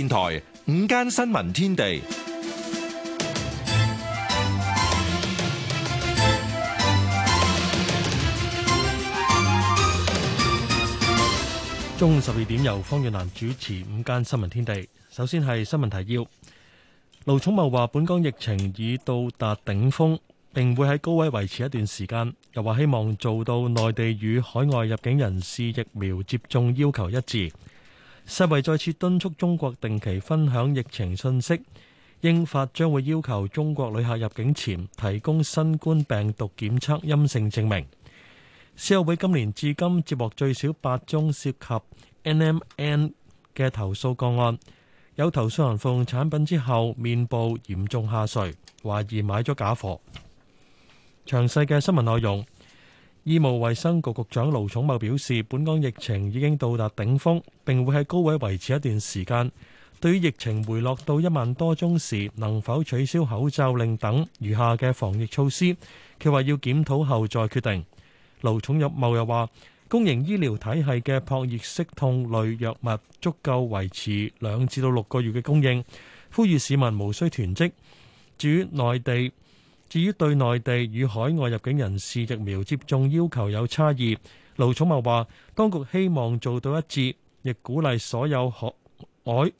電台午間新聞天地，中午十二點由方遠南主持午間新聞天地。首先係新聞提要，盧寵茂話本港疫情已到達頂峰，並會喺高位維持一段時間。又話希望做到內地與海外入境人士疫苗接種要求一致。世衛再次敦促中國定期分享疫情信息。英法將會要求中國旅客入境前提供新冠病毒檢測陰性證明。消委會今年至今接獲最少八宗涉及 NMN 嘅投訴個案，有投訴人服用產品之後面部嚴重下垂，懷疑買咗假貨。詳細嘅新聞內容。醫務衛生局局長盧寵茂表示，本港疫情已經到達頂峰，並會喺高位維持一段時間。對於疫情回落到一萬多宗時能否取消口罩令等餘下嘅防疫措施，佢話要檢討後再決定。盧寵茂又話，公營醫療體系嘅撲熱息痛類藥物足夠維持兩至到六個月嘅供應，呼籲市民無需囤積。至於內地，至於對內地與海外入境人士疫苗接種要求有差異，盧寵茂話：當局希望做到一致，亦鼓勵所有海外，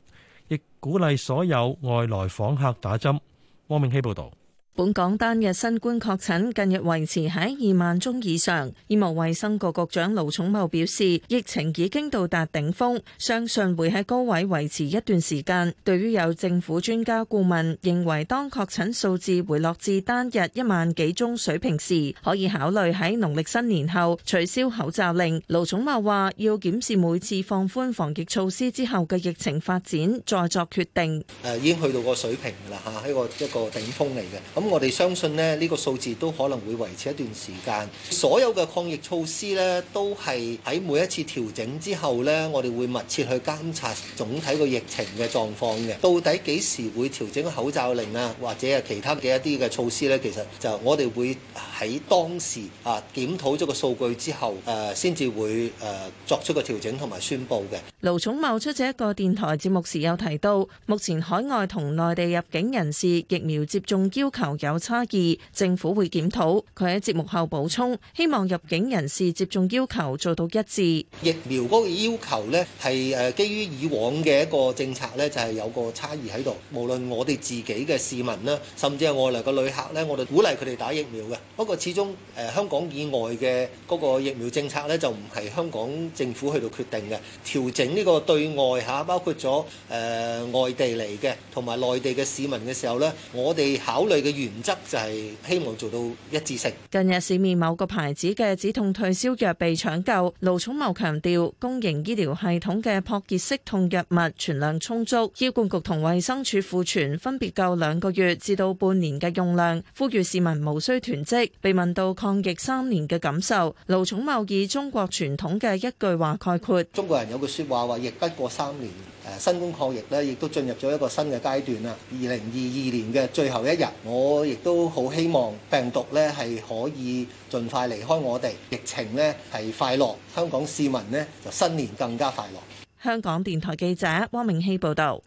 亦鼓勵所有外來訪客打針。汪明希報導。本港單日新冠確診近日維持喺二萬宗以上，醫務衛生局局長盧寵茂表示，疫情已經到達頂峰，相信會喺高位維持一段時間，對於有政府專家顧問認為當確診數字回落至單日一萬幾宗水平時，可以考慮喺農曆新年後取消口罩令。盧寵茂話要檢視每次放寬防疫措施之後嘅疫情發展，再作決定。誒，已經去到個水平啦，吓，喺個一個頂峰嚟嘅。咁我哋相信呢，呢、呢個數字都可能會維持一段時間。所有嘅抗疫措施呢，都係喺每一次調整之後呢，我哋會密切去監察總體個疫情嘅狀況嘅。到底幾時會調整口罩令啊，或者係其他嘅一啲嘅措施呢，其實就我哋會喺當時啊，檢討咗個數據之後誒先至會誒、呃、作出個調整同埋宣布嘅。盧寵茂出咗一個電台節目時有提到目前海外同內地入境人士疫苗接種要求。有差異，政府會檢討。佢喺節目後補充，希望入境人士接種要求做到一致。疫苗嗰個要求咧，係誒基於以往嘅一個政策咧，就係有個差異喺度。無論我哋自己嘅市民啦，甚至係外來嘅旅客咧，我哋鼓勵佢哋打疫苗嘅。不過始終誒香港以外嘅嗰個疫苗政策咧，就唔係香港政府去到決定嘅。調整呢個對外吓，包括咗誒、呃、外地嚟嘅同埋內地嘅市民嘅時候咧，我哋考慮嘅。原則就係希望做到一致性。近日市面某個牌子嘅止痛退燒藥被搶購。盧寵茂強調，公營醫療系統嘅撲熱息痛藥物存量充足，醫管局同衛生署庫存分別夠兩個月至到半年嘅用量，呼籲市民無需囤積。被問到抗疫三年嘅感受，盧寵茂以中國傳統嘅一句話概括：中國人有句説話話，疫不過三年。誒新冠抗疫呢亦都進入咗一個新嘅階段啦。二零二二年嘅最後一日，我亦都好希望病毒呢係可以盡快離開我哋，疫情呢，係快樂香港市民呢就新年更加快樂，香港電台記者汪明熙報道。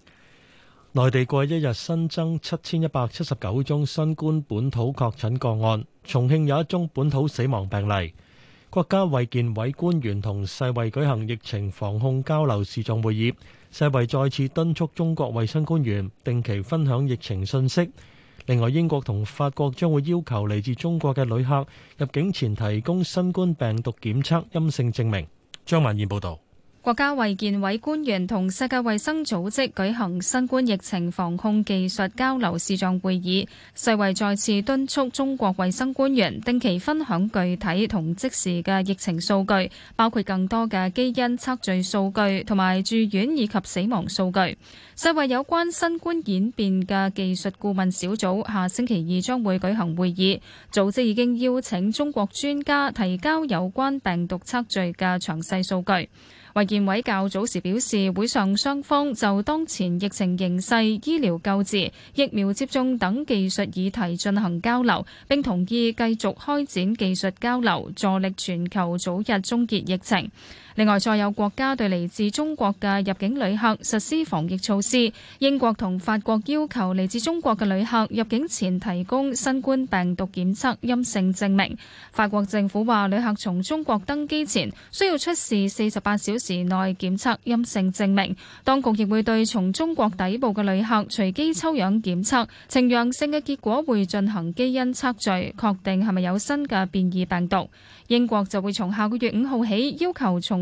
內地過一日新增七千一百七十九宗新冠本土確診個案，重慶有一宗本土死亡病例。國家衛健委官員同世衛舉行疫情防控交流視像會議。世衛再次敦促中國衛生官員定期分享疫情信息。另外，英國同法國將會要求嚟自中國嘅旅客入境前提供新冠病毒檢測陰性證明。張曼燕報道。國家衛健委官員同世界衛生組織舉行新冠疫情防控技術交流視像會議，世衛再次敦促中國衛生官員定期分享具體同即時嘅疫情數據，包括更多嘅基因測序數據同埋住院以及死亡數據。世衛有關新冠演變嘅技術顧問小組下星期二將會舉行會議，組織已經邀請中國專家提交有關病毒測序嘅詳細數據。衛健委較早時表示，會上雙方就當前疫情形勢、醫療救治、疫苗接種等技術議題進行交流，並同意繼續開展技術交流，助力全球早日終結疫情。另外再有國家對嚟自中國嘅入境旅客實施防疫措施，英國同法國要求嚟自中國嘅旅客入境前提供新冠病毒檢測陰性證明。法國政府話旅客從中國登機前需要出示四十八小時內檢測陰性證明。當局亦會對從中國抵埗嘅旅客隨機抽樣檢測，呈陽性嘅結果會進行基因測序，確定係咪有新嘅變異病毒。英國就會從下個月五號起要求從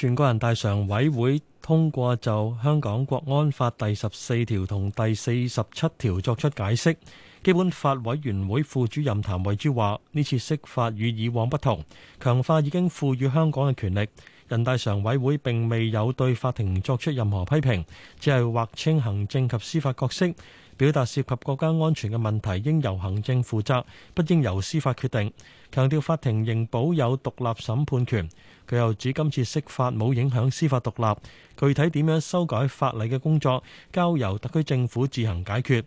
全國人大常委會通過就香港國安法第十四條同第四十七條作出解釋。基本法委員會副主任譚惠珠話：呢次釋法與以往不同，強化已經賦予香港嘅權力。人大常委會並未有對法庭作出任何批評，只係劃清行政及司法角色。表達涉及國家安全嘅問題，應由行政負責，不應由司法決定。強調法庭仍保有獨立審判權。佢又指今次釋法冇影響司法獨立，具體點樣修改法例嘅工作，交由特區政府自行解決。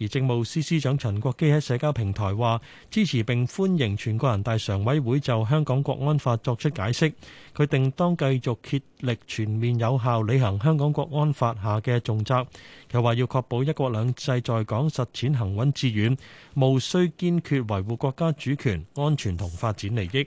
而政務司司長陳國基喺社交平台話，支持並歡迎全國人大常委會就香港國安法作出解釋，佢定當繼續竭力全面有效履行香港國安法下嘅重責，又話要確保一國兩制在港實踐行穩致遠，務須堅決維護國家主權、安全同發展利益。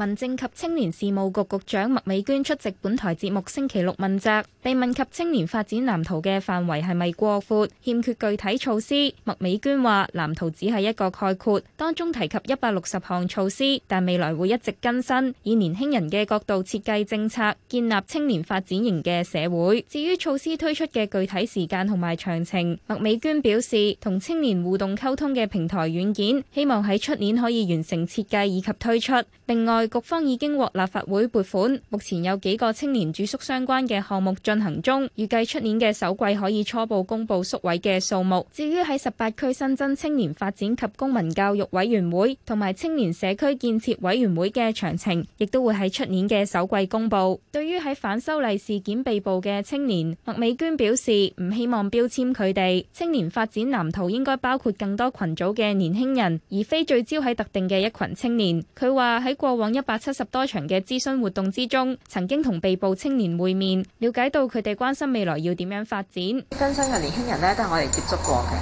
民政及青年事務局局長麥美娟出席本台節目星期六問責，被問及青年發展藍圖嘅範圍係咪過闊、欠缺具體措施。麥美娟話：藍圖只係一個概括，當中提及一百六十項措施，但未來會一直更新，以年輕人嘅角度設計政策，建立青年發展型嘅社會。至於措施推出嘅具體時間同埋詳情，麥美娟表示：同青年互動溝通嘅平台軟件，希望喺出年可以完成設計以及推出。另外，局方已經獲立法會撥款，目前有幾個青年住宿相關嘅項目進行中，預計出年嘅首季可以初步公布宿位嘅數目。至於喺十八區新增青年發展及公民教育委員會同埋青年社區建設委員會嘅詳情，亦都會喺出年嘅首季公布。對於喺反修例事件被捕嘅青年，麥美娟表示唔希望標籤佢哋。青年發展藍圖應該包括更多群組嘅年輕人，而非聚焦喺特定嘅一群青年。佢話喺過往，一百七十多場嘅諮詢活動之中，曾經同被捕青年會面，了解到佢哋關心未來要點樣發展。更生嘅年輕人呢，都係我哋接觸過嘅。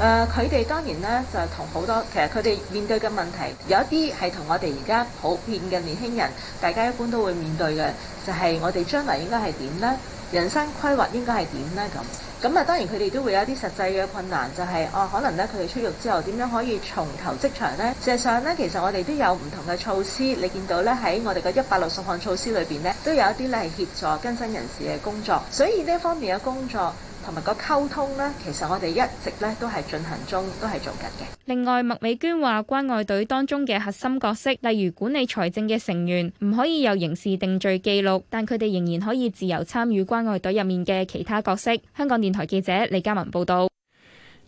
誒，佢哋當然呢，就同好多，其實佢哋面對嘅問題，有一啲係同我哋而家普遍嘅年輕人，大家一般都會面對嘅，就係我哋將來應該係點呢？人生規劃應該係點呢？咁。咁啊，當然佢哋都會有一啲實際嘅困難，就係、是、哦、啊，可能咧佢哋出獄之後點樣可以重投職場呢？事實上咧，其實我哋都有唔同嘅措施。你見到咧喺我哋嘅一百六十項措施裏邊咧，都有一啲咧係協助更新人士嘅工作。所以呢方面嘅工作。同埋個溝通呢，其實我哋一直咧都係進行中，都係做緊嘅。另外，麥美娟話關愛隊當中嘅核心角色，例如管理財政嘅成員，唔可以有刑事定罪記錄，但佢哋仍然可以自由參與關愛隊入面嘅其他角色。香港電台記者李嘉文報道。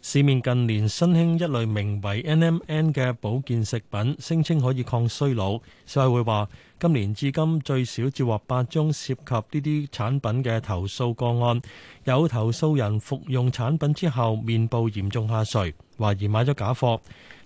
市面近年新興一類名為 NMN 嘅保健食品，聲稱可以抗衰老。消委會話，今年至今最少接獲八宗涉及呢啲產品嘅投訴個案，有投訴人服用產品之後面部嚴重下垂，懷疑買咗假貨。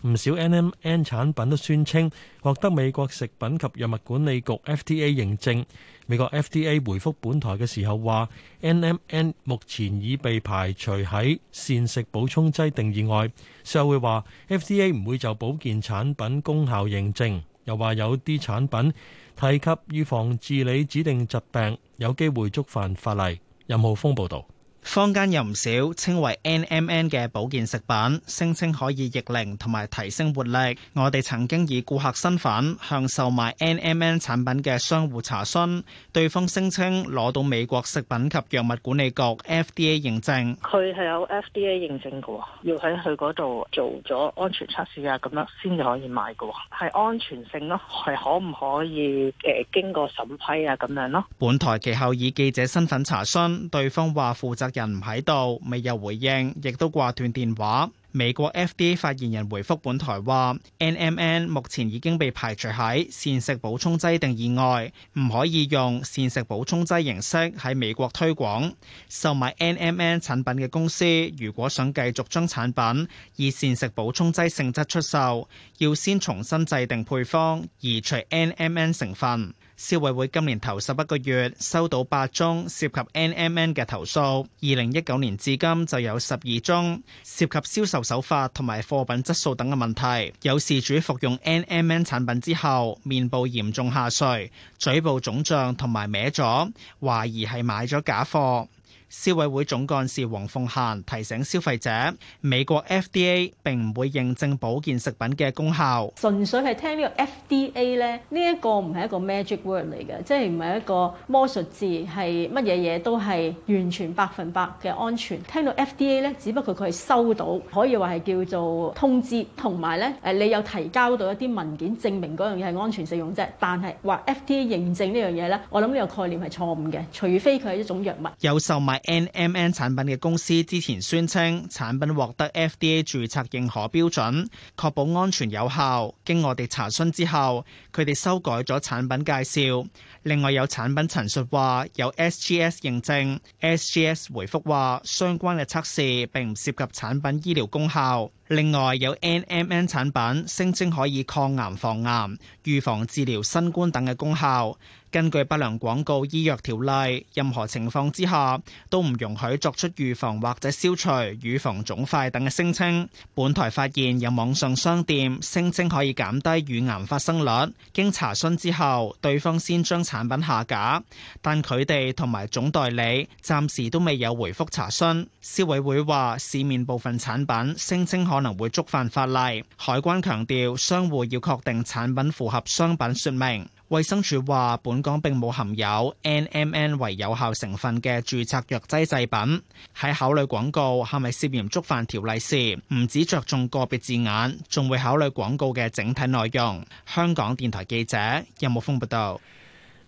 唔少 NMN 產品都宣稱獲得美國食品及藥物管理局 FTA 認證。美國 FDA 回覆本台嘅時候話，NMN 目前已被排除喺膳食補充劑定義外。之後會話，FDA 唔會就保健產品功效認證，又話有啲產品提及預防、治理指定疾病，有機會觸犯法例。任浩峯報導。坊間有唔少稱為 NMN 嘅保健食品，聲稱可以逆齡同埋提升活力。我哋曾經以顧客身份向售賣 NMN 產品嘅商戶查詢，對方聲稱攞到美國食品及藥物管理局 FDA 認證。佢係有 FDA 認證嘅喎，要喺佢嗰度做咗安全測試啊，咁樣先至可以賣嘅喎。係安全性咯，係可唔可以誒、呃、經過審批啊咁樣咯？本台其後以記者身份查詢，對方話負責。人唔喺度，未有回應，亦都掛斷電話。美國 FDA 發言人回覆本台話，NMN 目前已經被排除喺膳食補充劑定義以外，唔可以用膳食補充劑形式喺美國推廣。售賣 NMN 產品嘅公司如果想繼續將產品以膳食補充劑性質出售，要先重新制定配方，移除 NMN 成分。消委會今年頭十一個月收到八宗涉及 NMN 嘅投訴，二零一九年至今就有十二宗涉及銷售手法同埋貨品質素等嘅問題。有事主服用 NMN 產品之後，面部嚴重下垂、嘴部腫脹同埋歪咗，懷疑係買咗假貨。消委會總幹事黃鳳嫻提醒消費者，美國 FDA 並唔會認證保健食品嘅功效。純粹係聽呢個 FDA 咧，呢一個唔係一個 magic word 嚟嘅，即係唔係一個魔術字，係乜嘢嘢，都係完全百分百嘅安全。聽到 FDA 咧，只不過佢係收到，可以話係叫做通知，同埋咧誒，你有提交到一啲文件證明嗰樣嘢係安全使用啫。但係話 FDA 認證呢樣嘢咧，我諗呢個概念係錯誤嘅，除非佢係一種藥物有售賣。NMN 產品嘅公司之前宣稱產品獲得 FDA 註冊認可標準，確保安全有效。經我哋查詢之後，佢哋修改咗產品介紹。另外有產品陳述話有 SGS 認證，SGS 回覆話相關嘅測試並唔涉及產品醫療功效。另外有 NMN 產品聲稱可以抗癌防癌、預防治療新冠等嘅功效。根據不良廣告醫藥條例，任何情況之下都唔容許作出預防或者消除乳房腫塊等嘅聲稱。本台發現有網上商店聲稱可以減低乳癌發生率，經查詢之後，對方先將產品下架，但佢哋同埋總代理暫時都未有回覆查詢。消委會話，市面部分產品聲稱可能會觸犯法例。海關強調，商戶要確定產品符合商品說明。衛生署話，本港並冇含有 NMN 為有效成分嘅註冊藥劑製品。喺考慮廣告係咪涉嫌觸犯條例時，唔止着重個別字眼，仲會考慮廣告嘅整體內容。香港電台記者任木峰報道。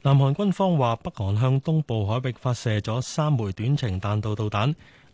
南韓軍方話，北韓向東部海域發射咗三枚短程彈道導彈。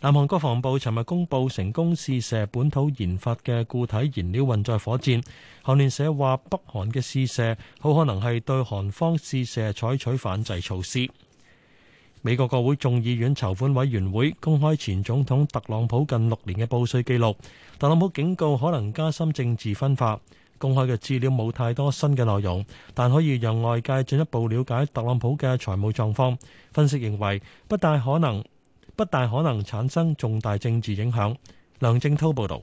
南韓國防部尋日公布成功試射本土研發嘅固體燃料運載火箭。韓聯社話，北韓嘅試射好可能係對韓方試射採取反制措施。美國國會眾議院籌款委員會公開前總統特朗普近六年嘅報稅記錄，特朗普警告可能加深政治分化。公開嘅資料冇太多新嘅內容，但可以讓外界進一步了解特朗普嘅財務狀況。分析認為不大可能。不大可能產生重大政治影響，梁正濤報道。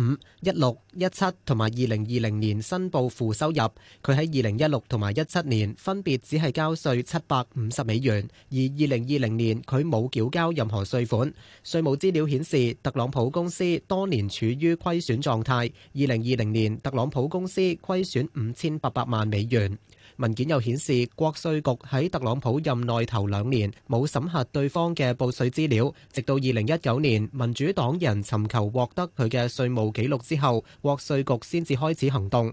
五一六一七同埋二零二零年申報負收入，佢喺二零一六同埋一七年分別只係交稅七百五十美元，而二零二零年佢冇繳交任何稅款。稅務資料顯示，特朗普公司多年處於虧損狀態，二零二零年特朗普公司虧損五千八百萬美元。文件又顯示，國稅局喺特朗普任內頭兩年冇審核對方嘅報稅資料，直到二零一九年民主黨人尋求獲得佢嘅稅務紀錄之後，國稅局先至開始行動。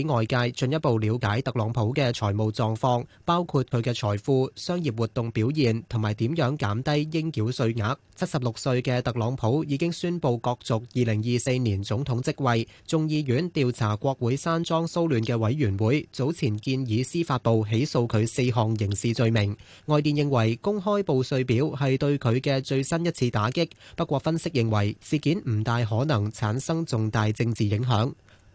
俾外界進一步了解特朗普嘅財務狀況，包括佢嘅財富、商業活動表現同埋點樣減低應繳稅額。七十六歲嘅特朗普已經宣布角逐二零二四年總統職位。眾議院調查國會山莊騷亂嘅委員會早前建議司法部起訴佢四項刑事罪名。外電認為公開報稅表係對佢嘅最新一次打擊，不過分析認為事件唔大可能產生重大政治影響。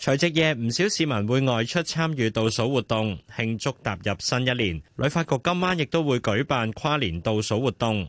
除夕夜唔少市民會外出參與倒數活動，慶祝踏入新一年。旅發局今晚亦都會舉辦跨年倒數活動。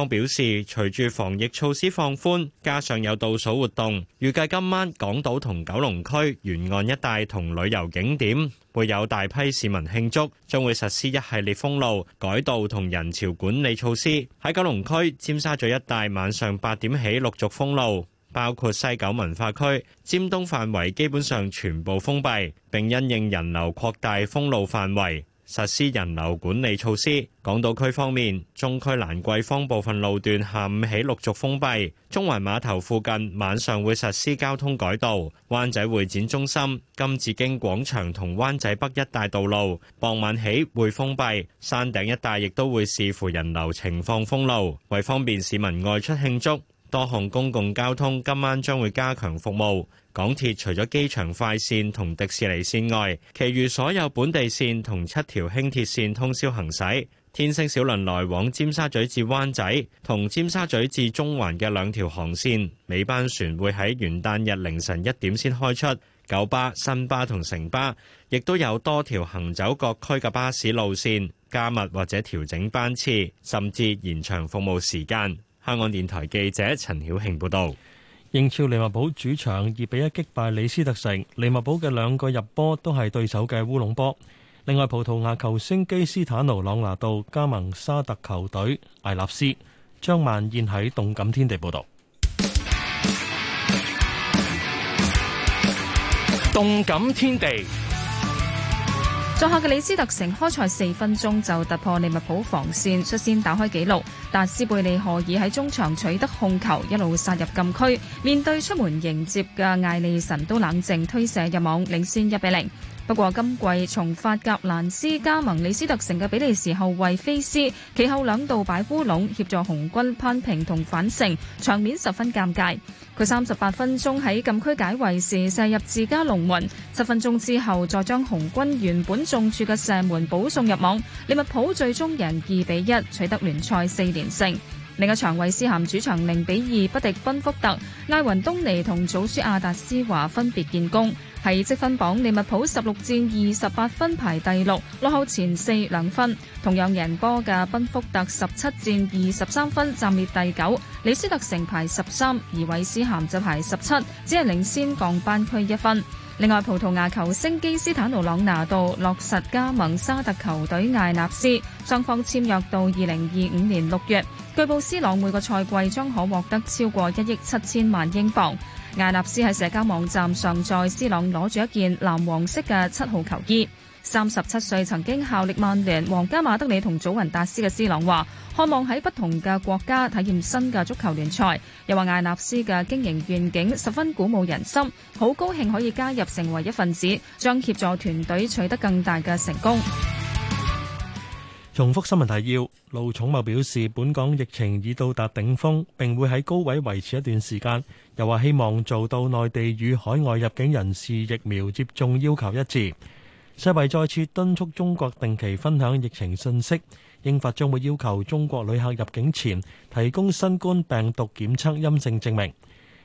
表示，隨住防疫措施放寬，加上有倒數活動，預計今晚港島同九龍區沿岸一帶同旅遊景點會有大批市民慶祝，將會實施一系列封路、改道同人潮管理措施。喺九龍區尖沙咀一帶，晚上八點起陸續封路，包括西九文化區尖東範圍基本上全部封閉，並因應人流擴大，封路範圍。實施人流管理措施。港島區方面，中區蘭桂坊部分路段下午起陸續封閉；中環碼頭附近晚上會實施交通改道。灣仔會展中心、金紫荊廣場同灣仔北一帶道路傍晚起會封閉，山頂一帶亦都會視乎人流情況封路。為方便市民外出慶祝，多項公共交通今晚將會加強服務。港鐵除咗機場快線同迪士尼線外，其餘所有本地線同七條輕鐵線通宵行駛。天星小輪來往尖沙咀至灣仔同尖沙咀至中環嘅兩條航線，尾班船會喺元旦日凌晨一點先開出。九巴、新巴同城巴亦都有多條行走各區嘅巴士路線，加密或者調整班次，甚至延長服務時間。香港電台記者陳曉慶報導。英超利物浦主場二比一擊敗李斯特城，利物浦嘅兩個入波都係對手嘅烏龍波。另外，葡萄牙球星基斯坦奴朗拿度加盟沙特球隊艾納斯。張曼燕喺動感天地報道。動感天地。作客嘅李斯特城開賽四分鐘就突破利物浦防線，率先打開紀錄。但斯貝利荷爾喺中場取得控球，一路殺入禁區，面對出門迎接嘅艾利臣都冷靜推射入網，領先一比零。不過今季從法甲蘭斯加盟李斯特城嘅比利時後衛菲斯，其後兩度擺烏龍協助紅軍扳平同反勝，場面十分尷尬。佢三十八分鐘喺禁區解圍時射入自家龍門，七分鐘之後再將紅軍原本中柱嘅射門補送入網。利物浦最終贏二比一取得聯賽四連勝。另一場韋斯咸主場零比二不敵賓福特，艾雲東尼同祖舒亞達斯華分別建功。喺積分榜，利物浦十六戰二十八分排第六，落後前四兩分。同樣贏波嘅賓福特十七戰二十三分，暫列第九。李斯特城排十三，而韋斯咸就排十七，只係領先降班區一分。另外，葡萄牙球星基斯坦奴朗拿度落實加盟沙特球隊艾納斯，雙方簽約到二零二五年六月。據報斯朗每個賽季將可獲得超過一億七千萬英鎊。艾納斯喺社交網站上載斯朗攞住一件藍黃色嘅七號球衣，三十七歲曾經效力曼聯、皇家馬德里同祖雲達斯嘅斯朗話，渴望喺不同嘅國家體驗新嘅足球聯賽，又話艾納斯嘅經營願景十分鼓舞人心，好高興可以加入成為一份子，將協助團隊取得更大嘅成功。重複新聞提要，盧寵茂表示，本港疫情已到達頂峰，並會喺高位維持一段時間，又話希望做到內地與海外入境人士疫苗接種要求一致。世衛再次敦促中國定期分享疫情信息，英法將會要求中國旅客入境前提供新冠病毒檢測陰性證明。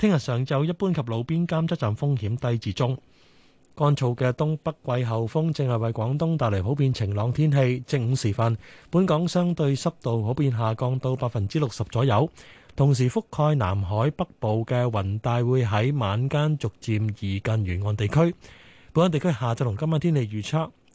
聽日上晝，一般及路邊監測站風險低至中。乾燥嘅東北季候風正係為廣東帶嚟普遍晴朗天氣。正午時分，本港相對濕度普遍下降到百分之六十左右。同時，覆蓋南海北部嘅雲帶會喺晚間逐漸移近沿岸地區。本港地區下晝同今晚天氣預測。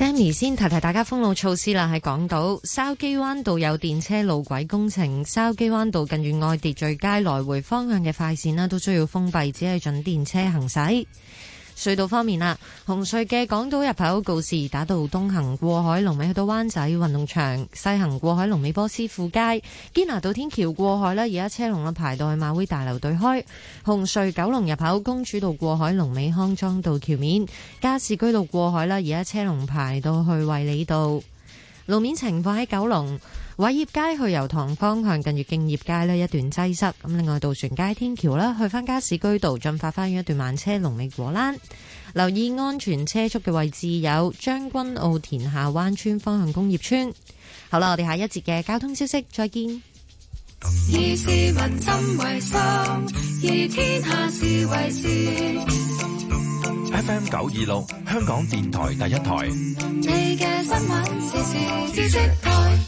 Sammy 先提提大家封路措施啦，喺港島筲箕灣道有電車路軌工程，筲箕灣道近愛秩序街來回方向嘅快線啦，都需要封閉，只係準電車行駛。隧道方面啦，紅隧嘅港島入口告士打道東行過海龍尾去到灣仔運動場，西行過海龍尾波斯富街堅拿道天橋過海啦，而家車龍啦排到去馬會大樓對開。紅隧九龍入口公主道過海龍尾康莊道橋面，加士居道過海啦，而家車龍排到去衛理道。路面情況喺九龍。偉業街去油塘方向近住敬業街呢一段擠塞，咁另外渡船街天橋啦去翻加士居道，進發翻一段慢車龍尾果欄。留意安全車速嘅位置有將軍澳田下灣村方向工業村。好啦，我哋下一節嘅交通消息，再見。以市民心為心，以天下事為事。F M 九二六香港電台第一台。你嘅新聞時事資訊台。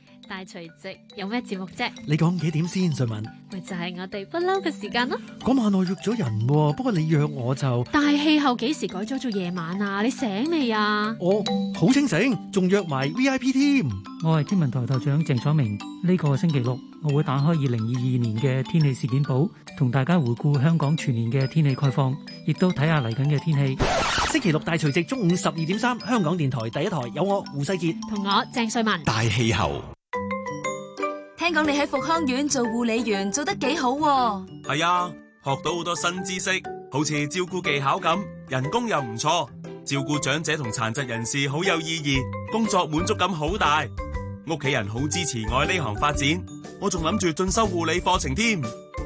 大除夕有咩節目啫？你講幾點先？瑞文，咪就係我哋不嬲嘅時間咯。嗰晚我約咗人，不過你約我就……大氣候幾時改咗做夜晚啊？你醒未啊？我好清醒，仲約埋 VIP 添。我係天文台台長鄭楚明。呢個星期六我會打開二零二二年嘅天氣事件簿，同大家回顧香港全年嘅天氣概況，亦都睇下嚟緊嘅天氣。星期六大除夕中午十二點三，香港電台第一台有我胡世傑同我鄭瑞文大氣候。聽講你喺福康院做護理員做得幾好喎？係啊，學到好多新知識，好似照顧技巧咁，人工又唔錯，照顧長者同殘疾人士好有意義，工作滿足感好大，屋企人好支持我喺呢行發展，我仲諗住進修護理課程添。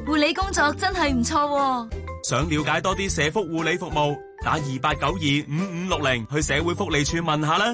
護理工作真係唔錯喎，想了解多啲社福護理服務，打二八九二五五六零去社會福利處問下啦。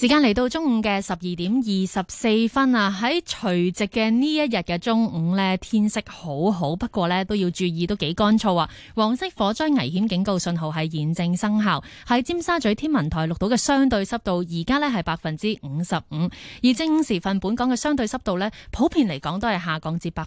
時間嚟到中午嘅十二點二十四分啊！喺除夕嘅呢一日嘅中午咧，天色好好，不過咧都要注意，都幾乾燥啊！黃色火災危險警告信號係現正生效，喺尖沙咀天文台錄到嘅相對濕度而家咧係百分之五十五，而正午時分本港嘅相對濕度咧，普遍嚟講都係下降至百。